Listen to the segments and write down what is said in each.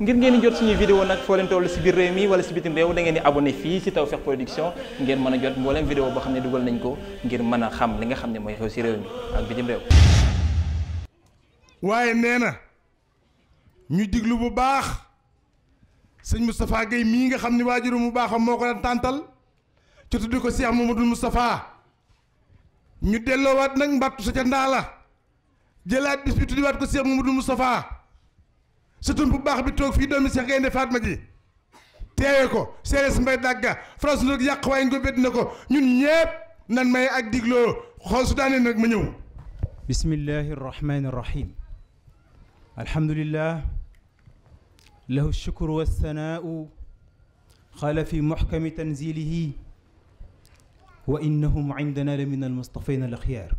ngir ngeen di jot suñuy vidéo nag foo leen toll si biir réew mi wala si bitim réew da ngeen di abonné fii si Tawfekh Production ngeen mën a jot mbooleem vidéo boo xam ne dugal nañ ko ngir mën a xam li nga xam ne mooy xew si réew mi ak bitim réew waaye nee na ñu diglu bu baax sëñ Moustapha Guèye mii nga xam ne waajuru mu baaxam moo ko daan tàntal ci tuddi ko Cheikh Mamadou Moustapha ñu delloowaat nag mbattu sa ca ndaa la jëlaat bis bi tuddiwaat ko Cheikh Mamadou Moustapha sëtun bu baax bi toog fii doomi Seex Gaynde Fatma ji teewe ko seerees mbay dàgga France loog yàq waaye ngóobét na ko ñun ñépp nan may ak digloo xool su daanee nag ma ñëw bismillahi arrahmani arrahim alhamdulillah lahu shukru walsanaau qaala fi muxkami tanzilihi wa innahum indana la min almustafina alaxyaar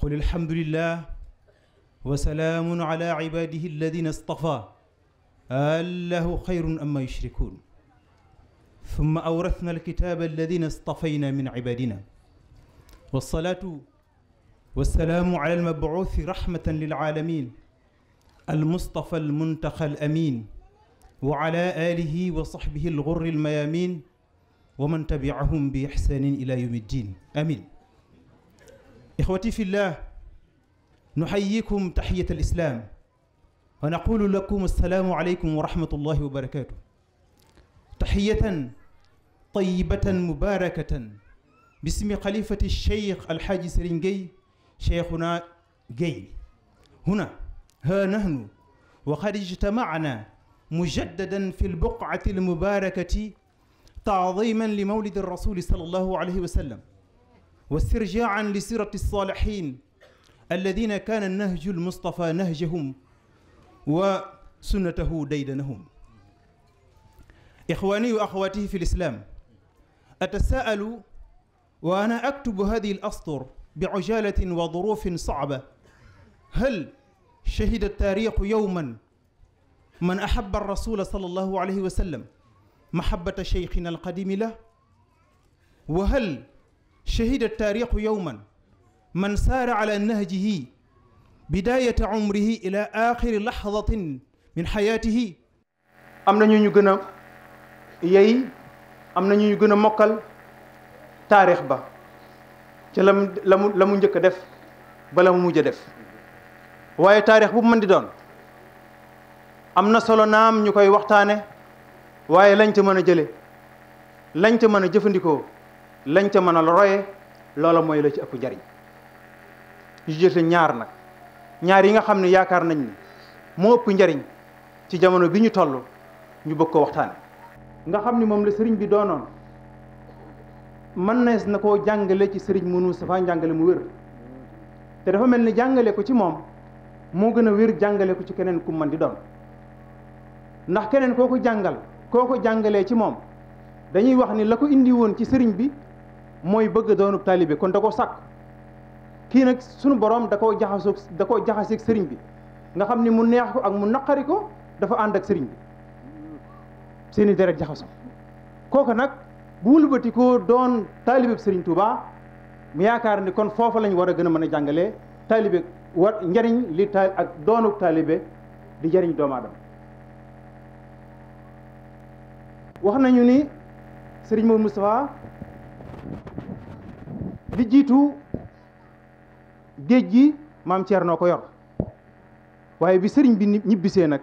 qul alhamdulillah wasalaamun ala cibaadihi alladina istafaa allahu xayrun amma yushrikuun summa awrasna alkitaaba alladina istafayna min cibaadina wasalaatu wasalaamu ala almabcuusi raxmatan lilcaalamin almustafa almuntaxa alamin wa ala aalihi wa saxbihi algurri almayaamin wa man tabiahum bi ixsaanin ila yawmi ddin amin ixwati fillah نحييكم تحية الإسلام ونقول لكم السلام عليكم ورحمة الله وبركاته تحية طيبة مباركة باسم خليفة الشيخ الحاج سرنجي شيخنا جي هنا ها نحن وقد اجتمعنا مجددا في البقعة المباركة تعظيما لمولد الرسول صلى الله عليه وسلم واسترجاعا لسيرة الصالحين الذين كان النهج المصطفى نهجهم وسنته ديدنهم إخواني وأخواتي في الإسلام أتساءل وأنا أكتب هذه الأسطر بعجالة وظروف صعبة هل شهد التاريخ يوما من أحب الرسول صلى الله عليه وسلم محبة شيخنا القديم له وهل شهد التاريخ يوما man saara ala nahjihi bidaayata umrihi ila axiri lahdatin min xayaatihi am na ñu ñu gën a yey am na ñu ñu gën a mokkal taarix ba ca la la mu la mu njëkk a def bala mu mujj a def waaye taarix bu mën di doon am na solo naam ñu koy waxtaane waaye lañ ca mën a jële lañ ca mën a jëfandikoo lañ ca mën a roye loola mooy la ci ëpp njariñ yu jëte ñaar nag ñaar yi nga xam ne yaakaar nañ ni moo ëpp njariñ ci jamono bi ñu toll ñu bëgg ko waxtaan nga xam ni moom la sëriñ bi doonoon mën nees na koo jàngale ci sëriñ mu Moustapha jàngale mu wér te dafa mel ni jàngale ko ci moom moo gën a wér jàngale ko ci keneen ku mën di doon ndax keneen koo jàngal koo ko jàngalee ci moom dañuy wax ni la ko indi woon ci sëriñ bi mooy bëgg doonu taalibe kon da ko sàkk kii nag sunu borom da koo jaxasoo da koo jaxaseeg sëriñ bi nga xam ni mu neex ko ak mu naqari ko dafa ànd ak sëriñ bi seeni deret jaxaso kooku nag bu wëlbati ko doon taalibeb sëriñ Touba mu yaakaar ni kon foofa lañ war a gën a mën a jàngale taalibe war njariñ li taal doonu taalibe di jariñ doomu wax nañu ni sëriñ Mourou Moustapha li jiitu géej gi maam noo ko yor waaye bi sëriñ bi ñibbisee nag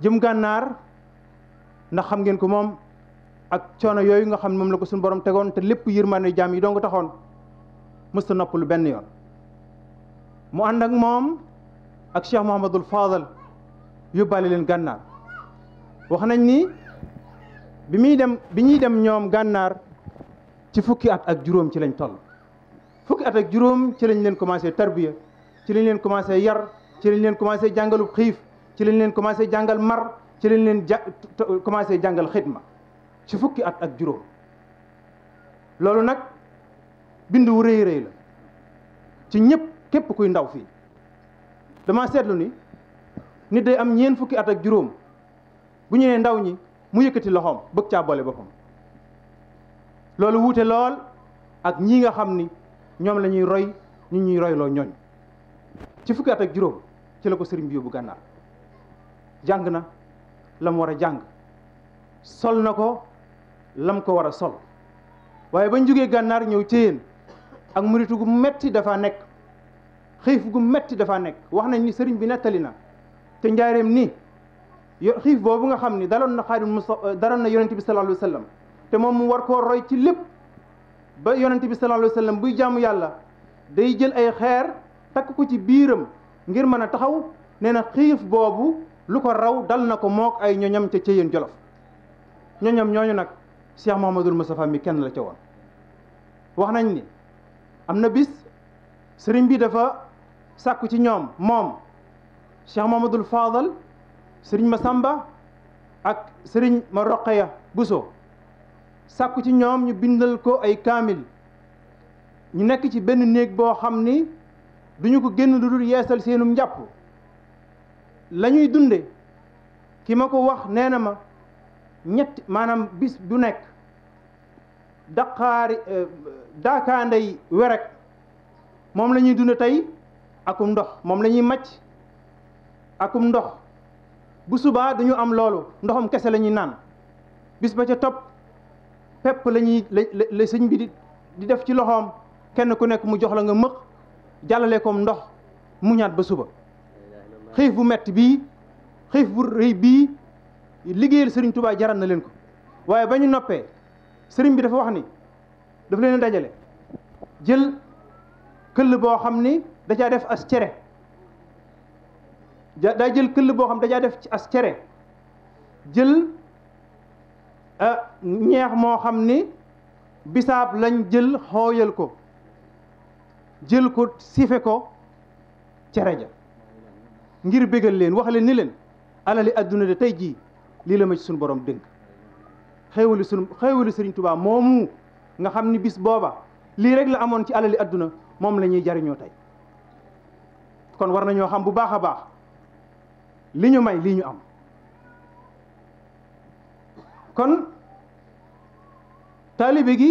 jëm gànnaar ndax xam ngeen ko moom ak coono yooyu nga xam ne moom la ko suñ borom tegoon te lépp yërmande jaam yi dong taxoon mësta noppalu benn yoon mu ànd ak moom ak Cheikh Mouhamadul Fadal yóbbaale leen gànnaar wax nañ ni bi muy dem bi ñuy dem ñoom gànnaar ci fukki at ak juróom ci lañ toll fukki at ak juróom ci lañ leen commencé tarbiya ci lañ leen commencé yar ci lañ leen commencé jàngalu xiif ci lañ leen commencé jàngal mar ci lañ leen ja commencé jàngal xidma ci fukki at ak juróom loolu nag bind wu rëy rëy la ci ñëpp képp kuy ndaw fii dama seetlu ni nit day am ñeen fukki at ak juróom bu ñu ndaw ñi mu yëkkati loxoom bëgg caa boole boppam loolu wuute lool ak ñi nga xam ni ñoom la ñuy roy ñu ñuy royloo ñooñ ci fukki ak juróom ci la ko sëriñ bi yóbbu gànnaar jàng na la mu war a jàng sol na ko lam ko war a sol waaye bañ jógee gànnaar ñëw céyeen ak muritu gu metti dafa nekk xiif gu metti dafa nekk wax nañ ni sëriñ bi nettali na te njaareem ni yo xiif boobu nga xam ni daloon na xaadim Mustafa daloon na yonente bi sallallahu alayhi te moom mu war koo roy ci lépp ba yonent bi sallallahu alayhi wasallam buy jaamu yàlla day jël ay xeer takk ko ci biiram ngir mën a taxaw nee na xiif boobu lu ko raw dal na ko mook ay ñoñam ca Ceyeen Jolof ñoñam ñooñu nag Cheikh Mouhamadoul Moustapha mi kenn la ca woon wax nañ ni am na bis sëriñ bi dafa sàkku ci ñoom moom Cheikh Mouhamadoul Fadal sëriñ Masamba ak sëriñ ma Roqaya Bousso sàkku ci ñoom ñu bindal ko ay kaamil ñu nekk ci benn néeg boo xam ni duñu ko génn lu dul yeesal seenum njàpp la ñuy dunde ki ma ko wax nee na ma ñett maanaam bis bu nekk daqaari euh, daakaanday werek moom lañuy ñuy dunde tey akum ndox moom lañuy macc akum ndox bu subaa duñu am loolu ndoxum kese lañuy naan bis ba ca topp fépp la ñuy la sëñ bi di def ci loxoom kenn ku nekk mu jox la nga mëq jàllale koom ndox mu ñaat ba suba xiif bu metti bii xiif bu rëy bii liggéeyal sëriñ Touba jaral na leen ko waaye ba ñu noppee sëriñ bi dafa wax ni daf leen dajale jël këll boo xam ni da def as cere daa jël këll boo xam da caa def as cere jël Euh, ñeex moo xam ni bisaab lañ jël xooyal ko jël ko sife ko cere ja ngir bégal leen wax leen ni leen alali adduna de tey jii lii la ma ci suñu borom dënk xéewali suñu xéewali sëriñ tubaab moomu nga xam ni bis booba lii rek la amoon ci alali adduna moom la ñuy jariñoo tey kon war nañoo xam bu baax a baax li ñu may lii ñu am kon taalibe gi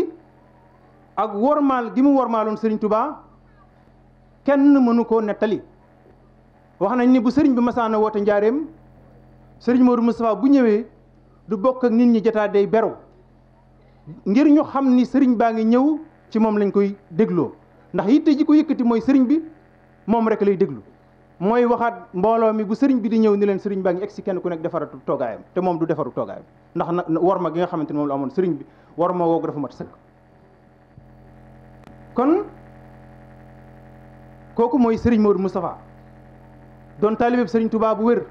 ak wormaal gi mu wormaaloon sëriñ Touba kenn mënu koo nettali wax nañ ni bu sëriñ bi masaana woote njaareem sëriñ Modou Moustapha bu ñëwee du bokk ak nit ñi jotaa day beru ngir ñu xam ni sëriñ baa ngi ñëw ci moom lañ koy dégloo ndax yitte ji ko yëkkati mooy sëriñ bi moom rek lay déglu mooy waxaat mbooloo mi bu sëriñ bi di ñëw ni leen sëriñ baa ngi egsi kenn ku nekk defaratu toogaayam te moom du defaru toogaayam ndax na war ma gi nga xamante ne moom la amoon sëriñ bi war ma woogu dafa mat sëkk kon kooku mooy sëriñ Modou Moustapha doon taalibeeb sëriñ Touba bu wér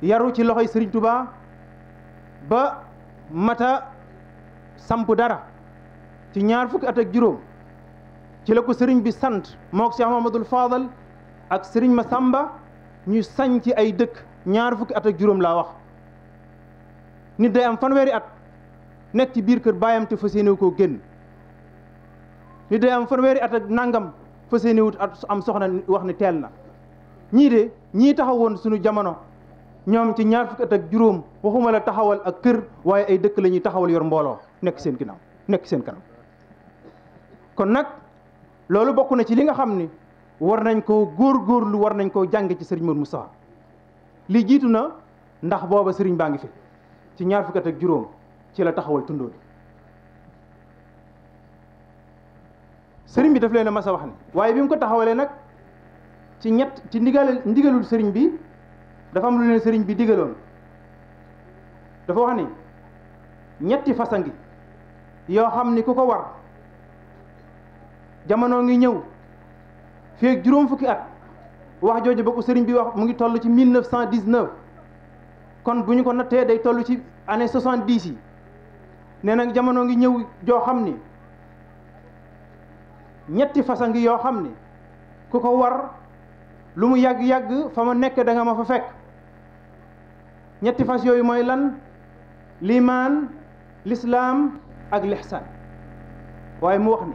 yaru ci loxoy sëriñ tubaa ba mata samp dara ci ñaar fukki at ak juróom ci la ko sëriñ bi sant mook Cheikh Mamadou Fadal ak sëriñ sàmba ñuy sañ ci ay dëkk ñaar fukki at ak juróom laa wax nit day am fanweeri at nekk ci biir kër baayam te fa yéene koo génn nit day am fanweeri at ak nangam fas yéene wut at am soxna wax ne teel na ñii de ñii taxawoon sunu jamono ñoom ci ñaar fukki at ak juróom waxuma la taxawal ak kër waaye ay dëkk lañuy ñuy taxawal yor mbooloo nekk seen ginnaaw nekk seen kanam kon nag loolu bokk na ci li nga xam ni war nañ koo góor góorlu war nañ koo jànge ci sëriñ mu Moustapha li jiitu na ndax booba sëriñ baa ngi fi ci ñaar fukki ak juróom ci la taxawal tundóo bi sëriñ bi daf leen a waaye bi mu ko taxawalee nag ci ñett ci ndigal sëriñ bi dafa am lu leen sëriñ bi digaloon dafa wax ni ñetti fasangi yoo xam ni ku ko war jamono ngi ñëw fii juróom fukki at wax jooju ba ko sëriñ bi wax mu ngi toll ci mille neuf cent dix-neuf kon bu ñu ko nattee day toll ci année soixante-dix yi nee nag jamono ngi ñëw joo xam ni ñetti fasa ngi yoo xam ni ku ko war lu mu yàgg-yàgg fa ma nekk danga ma fa fekk ñetti fas yooyu mooy lan limaan lislaam ak lixsaan waaye mu wax ni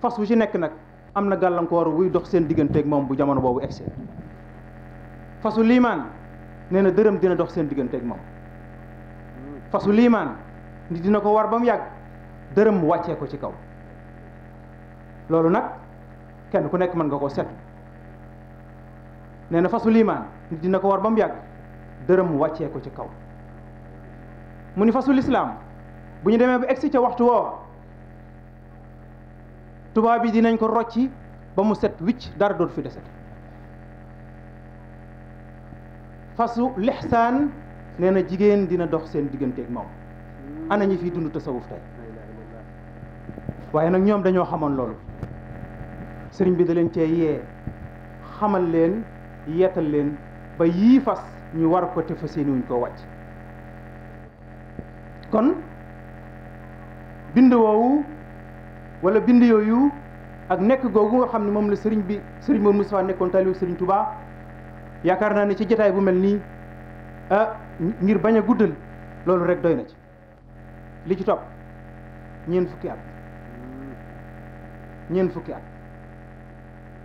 fas wu ci nekk nag am na gàllankoor wuy dox seen digganteeg moom bu jamono boobu egsi fasu liimaan nee na dërëm dina dox seen digganteeg moom fasu liimaan nit dina ko war ba mu yàgg dërëm wàccee ko ci kaw loolu nag kenn ku nekk mën nga koo set nee na fasu liimaan nit ko war ba mu yàgg dërëm wàccee ko ci kaw mu ni fasu lislaam bu ñu demee ba egsi ca waxtu woo tubaab yi dinañ ko rocci ba mu set wicc dara dootu fi desete fasu lixsaan nee na jigéen dina dox seen digganteeg moom ana ñi fi dund tasawuf tey waaye nag ñoom dañoo xamoon loolu sëriñ bi da leen yee xamal leen yeetal leen ba yii fas ñu war ko te fas yéene wuñ koo wàcc kon bind woowu wala bind yooyu ak nekk googu nga xam ne moom la sëriñ bi sëriñ Mor Moussa nekkoon taalibu sëriñ Touba yaakaar naa ne ci jotaay bu mel nii ah ngir bañ a guddal loolu rek doy na ci li ci topp ñeent fukki at ñeent fukki at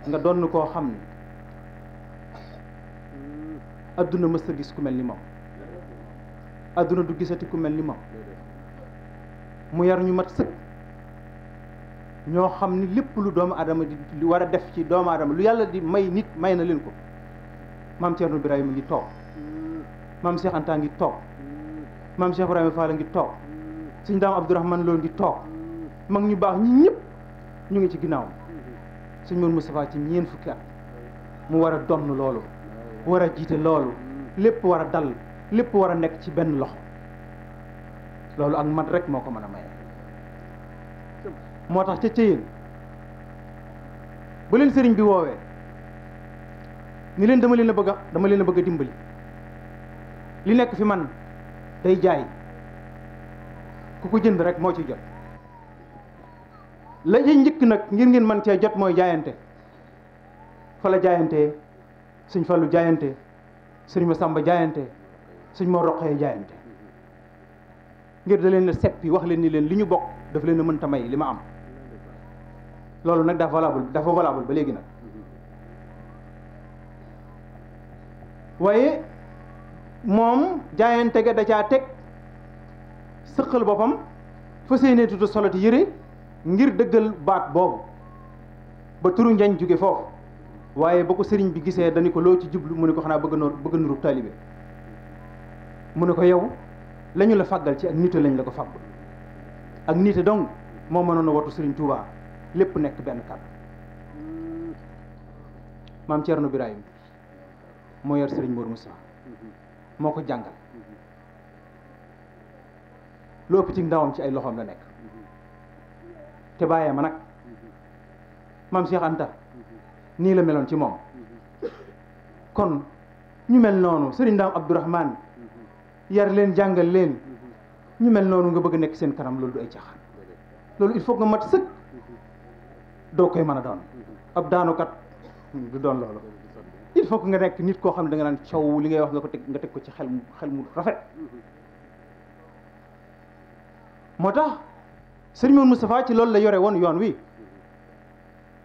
nga doon koo xam ne adduna mës gis ku mel ni moom adduna du gisati ku mel ni moom mu yar ñu mat sëkk. ñoo xam ni lépp lu doomu adama di war a def ci doomu adama lu yàlla di may nit may na leen ko maam Thierno Birahim ngi toog maam Cheikh Anta ngi toog maam Cheikh Ibrahima Fall ngi toog suñ daam Abdourahmane Lo ngi toog mag ñu baax ñi ñëpp ñu ngi ci ginnaawam suñ mën Moustapha ci ñeen fukki at mu war a donn loolu war a jiite loolu lépp war a dal lépp war a nekk ci benn loxo loolu ak mat rek moo ko mën a may moo tax ca cëyin bu sëriñ bi woowee ni leen dama leen a bëgg a dama leen a bëgg a dimbali li nekk fi man day jaay ku ko jënd rek moo ci jot la njëkk nag ngir ngeen man cee jot mooy jaayante fa jaayante suñ falu jaayante suñ Masamba jaayante suñ moo roqee jaayante ngir da leen a seppi wax leen ni leen li ñu bokk daf leen a may li ma am loolu nag dafa valable ba léegi nag waaye moom jaayante ga da caa teg sëqal boppam fa seenee tudd soloti yëre ngir dëggal baat boobu ba turu njañ jóge foofu waaye ba ko sëriñ bi gisee dañu ko loo ci jublu mu ne ko xanaa bëgg noor bëgg nurub taalibe mu ne ko yow lañu la fàggal ci ak nite lañ la ko fàgg ak nite dong moo mënoon a watu sëriñ Tuubaa lépp nekk benn kàddu maam Thierno Birahim moo yar Serigne Mor Moussa moo ko jàngal lu ëpp ci ndawam ci ay loxoom la nekk te bàyyee ma nag maam Cheikh Anta nii la meloon ci moom kon ñu mel noonu Serigne Ndaam Abdourahmane yar leen jàngal leen ñu mel noonu nga bëgg nekk seen kanam loolu du ay caaxaan loolu il faut nga mat sëkk. doo koy mën a doon ab daanukat du doon loolu il faut nga nekk nit koo xam ne da nga naan coow li ngay wax nga ko teg nga teg ko ci xel mu xel mu rafet moo tax sëriñ Mouhamed Moustapha ci loolu la yore woon yoon wi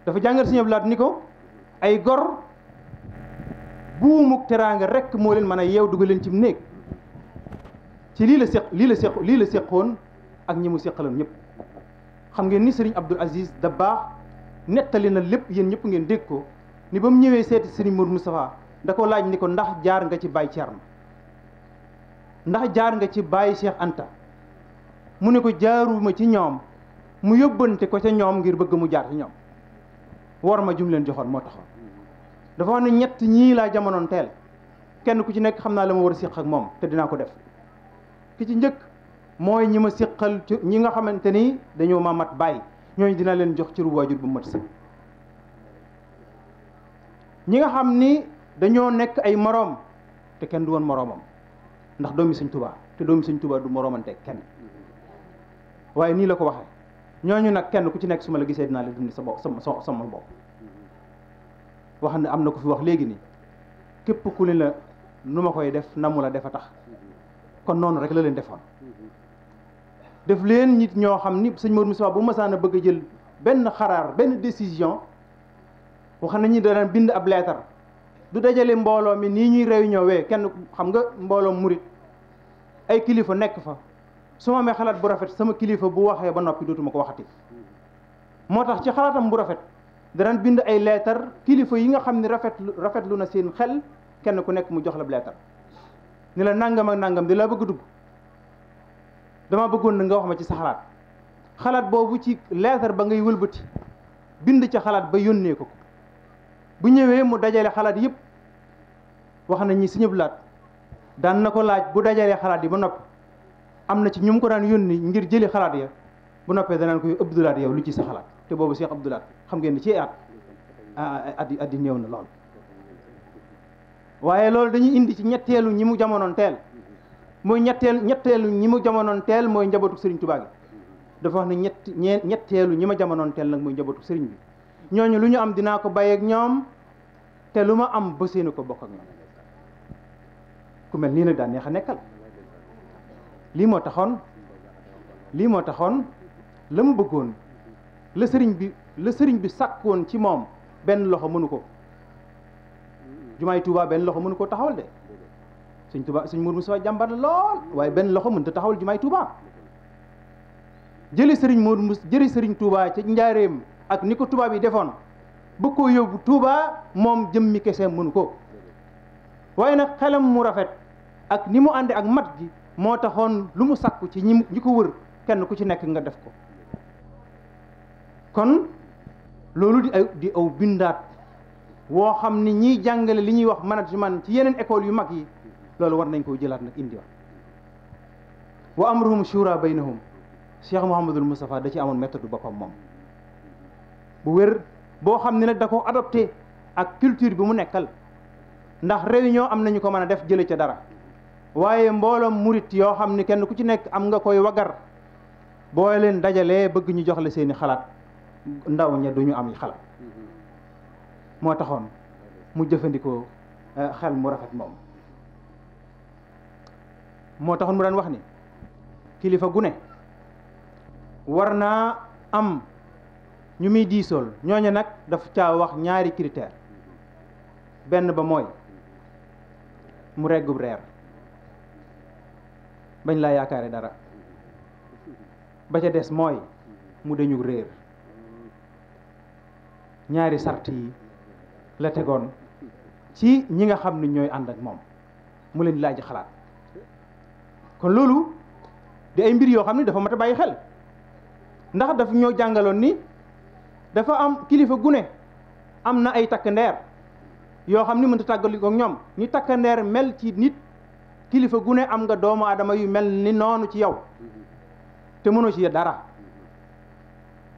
dafa jàngal sëriñ Abdoulaye ni ko ay gor buumuk teraanga rek moo leen mën a yeew dugaleen leen ci néeg ci lii la seq lii la seq lii la seqoon ak ñi mu seqaloon ñëpp xam ngeen ni sëriñ Abdoul Aziz Dabakh nettali na lépp yéen ñëpp ngeen dégg ko ni ba mu ñëwee seeti sëriñ Mourou Moustapha da ko laaj ni ko ndax jaar nga ci Baye Thierno ndax jaar nga ci Baye Cheikh Anta mu ne ko jaaruma ci ñoom mu yóbbante ko ca ñoom ngir bëgg mu jaar ci ñoom war ma jum leen joxoon moo taxoon dafa wax ne ñett ñii laa jamonoon teel kenn ku ci nekk xam naa la ma war a siq ak moom te dinaa ko def ki ci njëkk mooy ñi ma siqal ñi nga xamante ni dañoo ma mat bàyyi ñooñu dinaa leen jox cëru waajur bu mat sëkk ñi nga xam ni dañoo nekk ay moroom te kenn du woon moroomam ndax doomi Sëñ Tuubaa te doomi Sëñ tubaa du moroomante kenn waaye nii la ko waxee ñooñu nag kenn ku ci nekk su ma la gisee dinaa la dund sa bopp sama sama bopp wax ne am na ko fi wax léegi nii képp ku ne la nu ma koy def namu mu la def a tax kon noonu rek la leen defoon def leen nit ñoo xam ni sëñ Modou Moustapha bu masaan a bëgg a jël benn xaraar benn décision wax nañu dana bind ab leetar du dajale mbooloo mi nii ñuy réunion wee kenn xam nga mbooloo murit ay kilifa nekk fa su ma amee xalaat bu rafet sama kilifa bu waxee ba noppi dootuma ko waxati moo tax ci xalaatam bu rafet danañ bind ay leetar kilifa yi nga xam ne rafetlu rafetlu na seen xel kenn ku nekk mu jox la leetar ni la nangam ak nangam di la bëgg dugg dama bëggoon na nga wax ma ci sa xalaat xalaat boobu ci leetar ba ngay wëlbati bind ca xalaat ba yónnee ko ko bu ñëwee mu dajale xalaat yëpp wax na ñi Sëñ daan na ko laaj bu dajalee xalaat yi ba noppi am na ci ñu mu ko daan yónni ngir jëli xalaat ya bu noppee danaan koy Abdu Lahat yow lu ci sa xalaat te boobu Cheikh Abdu Lahat xam ngeen ni ci at at at yi néew na lool waaye loolu dañuy indi ci ñetteelu ñi mu jamonoon teel mooy ñetteel ñetteelu ñi mu jamonoon teel mooy njabootu sëriñ Tuubaa gi dafa wax na ñett ñee ñetteelu ñi ma jamonoon teel nag mooy njabootu sëriñ bi ñooñu lu ñu am dinaa ko bàyyi ak ñoom te lu ma am ba seeni ko bokk ak ñoom ku mel nii nag daan neex a nekkal lii moo taxoon lii moo taxoon la mu bëggoon la sëriñ bi la sëriñ bi sàkkoon ci moom benn loxo mënu ko jumaay Tuubaa benn loxo mënu ko taxawal de sëñ Touba suñ Mourou Moustapha jàmbar la lool waaye benn loxo mënut a taxawal jumaay Touba jëli sëriñ Mourou Mous jëli sëriñ Touba ca njaareem ak ni ko tubaab yi defoon bëgg koo yóbbu Touba moom jëmmi kese mënu ko waaye nag xelam mu rafet ak ni mu ànde ak mat gi moo taxoon lu mu sakku ci ñi ko wër kenn ku ci nekk nga def ko kon loolu di ay di aw bindaat woo xam ni ñiy jàngale li ñuy wax management ci yeneen école yu mag yi. loolu war nañ koo jëlaat nag indiwaat wa amruhum shura baynahum cheikh Mouhamadul Moustapha da ci amoon méthode boppam moom bu wér boo xam ne nag da ko adopté ak culture bi mu nekkal ndax réunion am nañu ko mën a def jële ca dara waaye mbooloom murit yoo xam ne kenn ku ci nekk am nga koy wagar boo leen dajalee bëgg ñu jox la seeni xalaat ndaw ña duñu am xalaat moo taxoon mu jëfandikoo eh, xel mu rafet moom moo taxoon mu daan wax ni kilifa gu ne war naa am ñu muy diisool ñooñe nag dafa caa wax ñaari critère benn ba mooy mu reggub reer bañ laa yaakaare dara ba ca des mooy mu deñu réer ñaari sart yi la tegoon ci ñi nga xam ne ñooy ànd ak moom mu leen laaj xalaat kon loolu di ay mbir yoo xam ne dafa mat a bàyyi xel ndax daf ñoo jàngaloon ni dafa am kilifa gune am na ay takk yoo xam ni mënta tàggali ko ñoom ñu takkandeer mel ci nit kilifa gune am nga doomu aadama yu mel ni noonu ci yow te mënoo ci dara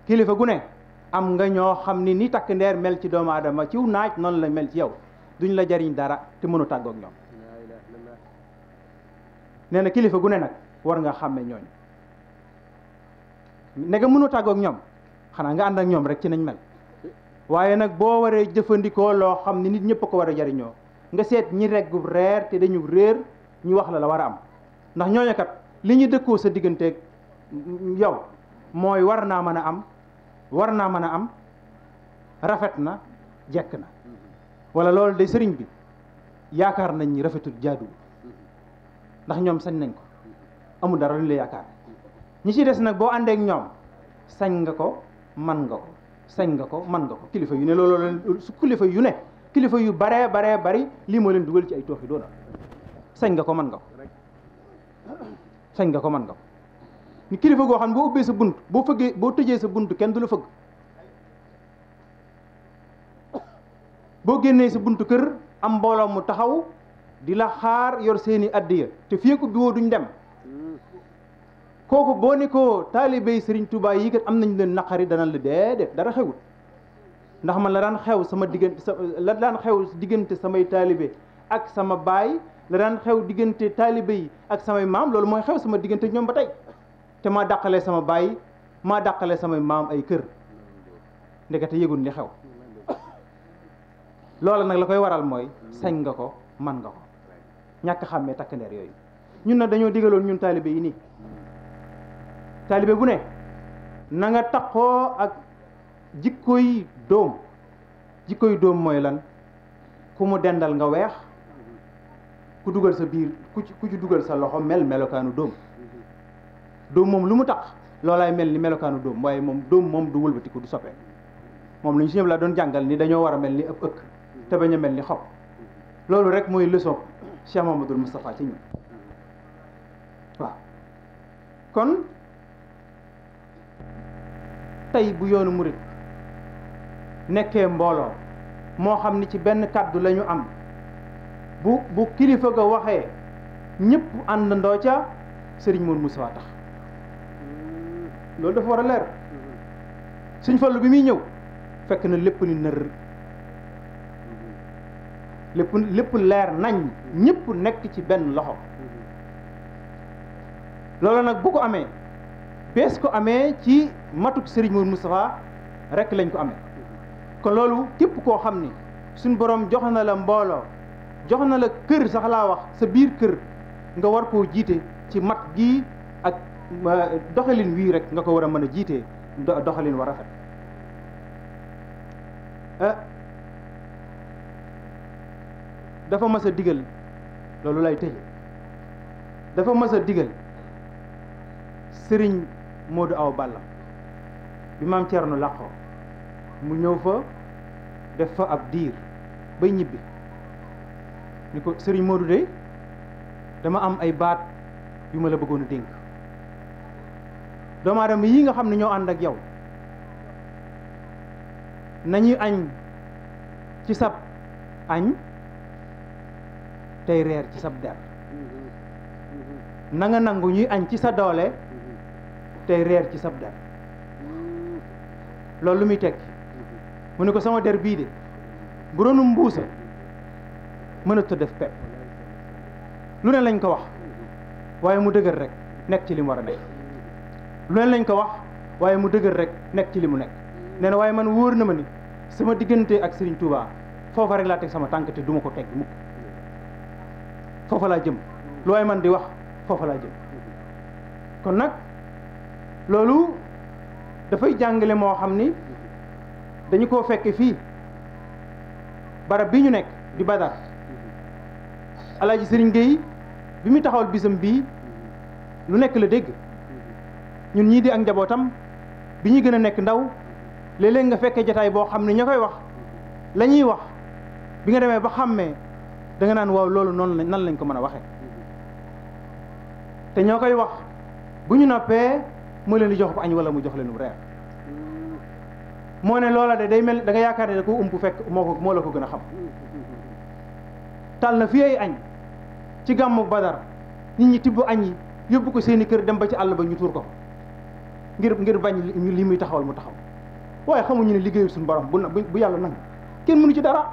kilifa gune am nga ñoo xam ni ni takk ndeer mel ci doomu aadama ciw naaj noonu la mel ci yow duñ la jariñ dara te mënu tàggook ñoom nee na kilifa gune ne nag war nga xàmme ñooñ ne mënu tàggook ñoom xanaa nga ànd ak ñoom rek ci nañ mel waaye nag boo waree jëfandikoo loo xam ne nit ñëpp ko war a jariñoo nga seet ñi reggub reer te dañu réer ñu wax la la war a am ndax ñooñu kat li ñuy dëkkoo sa digganteeg yow mooy war naa mën a am war naa mën a am rafet na jekk na wala loolu de sëriñ bi yaakaar nañ ni rafetul jaaduwul ndax ñoom sañ nañ ko amul dara lu la yaakaar ñi ci des nag boo àndeek ñoom sañ nga ko man nga ko sañ nga ko man nga ko kilifa yu ne looloo leen su kilifa yu ne kilifa yu baree baree bari lii moo leen dugal ci ay toox yi doona sañ nga ko man nga ko sañ nga ko man nga ko ni kilifa goo xam ne boo ubbee sa bunt boo fëggee boo tëjee sa bunt kenn du la fëgg boo génnee sa buntu kër am mbooloo mu taxaw di la xaar yor seeni addiya te fii ko biwoo duñ dem kooku boo ne ko taalibey sëriñ Touba yi kat am nañ leen naqari dana la déedéet dara xewut ndax man la daan xew sama diggante sa la daan xew diggante samay taalibe ak sama baay la daan xew diggante taalibe yi ak samay maam loolu mooy xew sama diggante ñoom ba tey te maa dàqalee sama baay maa dàqalee samay maam ay kër ndekete yëgul li xew loola nag la koy waral mooy sañ nga ko man nga ko ñàkk xàmmee takk ndeer yooyu ñun na dañoo digaloon ñun taalibe yi nii taalibe bu ne na nga taqoo ak jikkoy doom jikkoy doom mooy lan ku mu dendal nga weex ku dugal sa biir ku ci ku ci dugal sa loxo mel melokaanu doom doom moom lu mu tax loolaay mel ni melokaanu doom waaye moom doom moom du wëlbatiku du soppee moom la ñu si ñëpp laa doon jàngal ni dañoo war a mel ni ëpp ëkk te bañ a mel ni xob loolu rek mooy leçon Cheikh Mamadou Moustapha ci ñun waaw kon tey bu yoonu murit nekkee mbooloo moo xam ni ci benn kàddu lañu am bu bu kilifa ga waxee ñëpp àndandoo ca sëriñ Mour Moustapha tax loolu dafa war a leer mm-hmm. Sëñ Fallu bi muy ñëw fekk na lépp ni nër lépp lépp leer nañ ñëpp nekk ci benn loxo loolu nag bu ko amee bees ko amee ci matuk Serigne Mourou Moustapha rek lañ ko amee kon loolu képp koo xam ni suñ borom jox na la mbooloo jox na la kër sax laa wax sa biir kër nga war koo jiite ci mat gi ak doxalin wii rek nga ko war a mën a jiite doxalin war a rafet eh, dafa mas a digal loolu lay tëje dafa masa digal sëriñ Modou aw Balla bi maam nu làqoo mu ñëw fa def fa ab diir bay ñibbi ni ko sëriñ Modou de dama am ay baat yu ma la bëggoon a dénk doomu aadama yi nga xam ne ñoo ànd ak yow nañuy añ ci sab añ tey reer ci sab der mm-hmm. nanga nangu ñuy añ ci sa doole mm-hmm. tey reer ci sab der loolu lu muy tekki mm-hmm. mu ne ko sama der bii de bu doonu mbuusa mënatu def pepp lu ne lañ ko wax waaye mu dëgër rek nekk ci li mu war a nekk lu ne lañ ko wax waaye mu dëgër rek nekk ci li mu nekk nee na waaye man wóor na ma ni sama diggante ak Serigne Touba foofa rek laa teg sama tànk te du ma ko teg mukk foofa laa man di wax foofa laa jëm kon nag loolu dafay jàngale moo xam ni dañu koo fekke fii barab bi ñu nekk di Badar alaaji Sëriñ géy bi muy taxawal bisam bii lu nekk la dégg ñun ñii di ak njabootam bi ñuy gën a nekk ndaw léeg nga fekke jataay boo xam ne ñoo koy wax la ñuy wax bi nga demee ba xàmmee danga nga naan waaw loolu noonu lañ nan lañ ko mën a waxee te ñoo koy wax bu ñu noppee moo leen di jox bu añ wala mu jox leen bu reer moo ne loola de day mel da nga yaakaar ne da ko ump fekk moo ko moo la ko gën a xam tal na fi añ ci gàmmu Badar nit ñi tibb añ yi yóbbu ko seeni kër dem ba ci àll ba ñu tuur ko ngir ngir bañ li muy taxawal mu taxaw waaye xamuñu ne liggéeyu suñu borom bu bu yàlla nag kenn mënu ci dara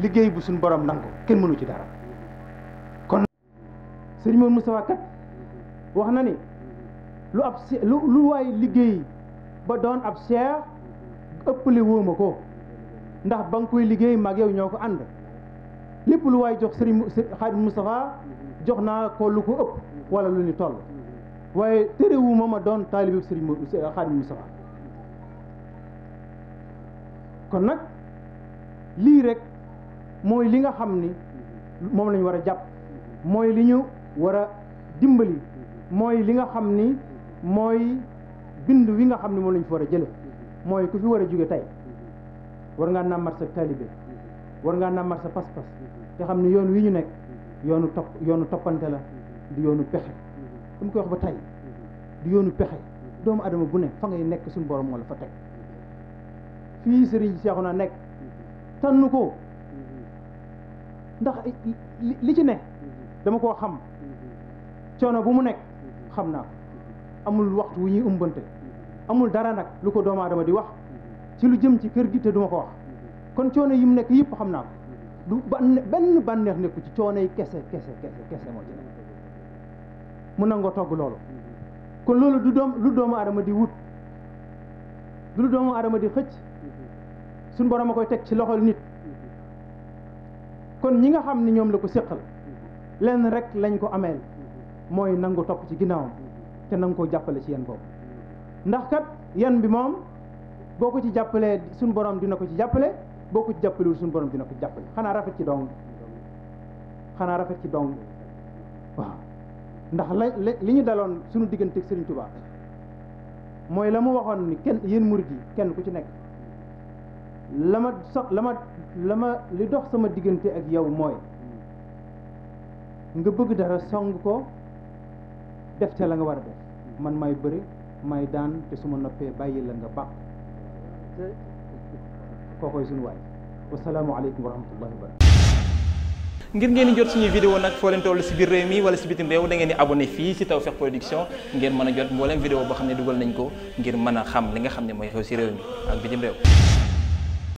liggéey bu suñ boroom nangu kenn mënu ci dara kon sëñ Mor kat wax na ni lu ab lu lu waay liggéey ba doon ab seex ëppale wóoma ko ndax ba nga koy liggéey mag yow ñoo ko ànd lépp lu waay jox sëriñ Xaadim Moustapha jox naa ko lu ko ëpp wala lu ni toll waaye terewuma ma doon taalibe sëriñ Xaadim Moustapha kon nag lii rek mooy li nga xam ni moom la war a jàpp mooy li ñu war a dimbali mooy li nga xam ni mooy bind wi nga xam ni moom la fi war a jële mooy ku fi war a jóge tey war ngaa nàmmat sa taalibe war ngaa nàmmat sa pas-pas te xam ni yoon wi ñu nekk yoonu topp yoonu toppante la di yoonu pexe dama koy wax ba tey di yoonu pexe doomu adama bu nekk fa ngay nekk suñu borom moo la fa teg fii sëriñ naa nekk tànn ko ndax li ci ne dama koo xam coono bu mu nekk xam naa ko amul waxtu wu ñuy umbante amul dara nag lu ko doomu aadama di wax ci lu jëm ci kër gi te duma ko wax kon coono yi mu nekk yëpp xam naa ko du ban benn bànneex nekku ci coono yi kese kese kese kese moo ci nekk mu nangoo togg loolu kon loolu du doom lu doomu aadama di wut lu doomu adama di xëcc suñ borom a koy teg ci loxol nit kon ñi nga xam ni ñoom la ko séqal lenn rek lañ ko ameel mooy nangu topp ci ginnaawam te nangu koo jàppale ci yan boobu ndax kat yan bi moom boo ko ci jàppalee suñu borom dina ko ci jàppale boo ko ci jàppalewul suñu borom dina ko ci xanaa rafet ci dong xanaa rafet ci dong waaw ndax la li ñu daloon suñu diggante ak tubaab mooy la mu waxoon ni kenn yéen murid yi kenn ku ci nekk la ma sox la ma li dox sama diggante ak yow mooy nga bëgg dara song ko def ca la nga war a def man may bëri may daan te su ma noppee bàyyi la nga bàq kookoy suñu waay wasalaamualeykum wa rahmatullahi wa barakatu ngir ngeen di jot suñuy vidéo nag foo leen toll si biir réew mi wala si bitim réew da ngeen di abonné fii si Tawfekh Production ngeen mën a jot mbooleem vidéo boo xam ne dugal nañ ko ngir mën a xam li nga xam ne mooy xew si réew mi ak bitim réew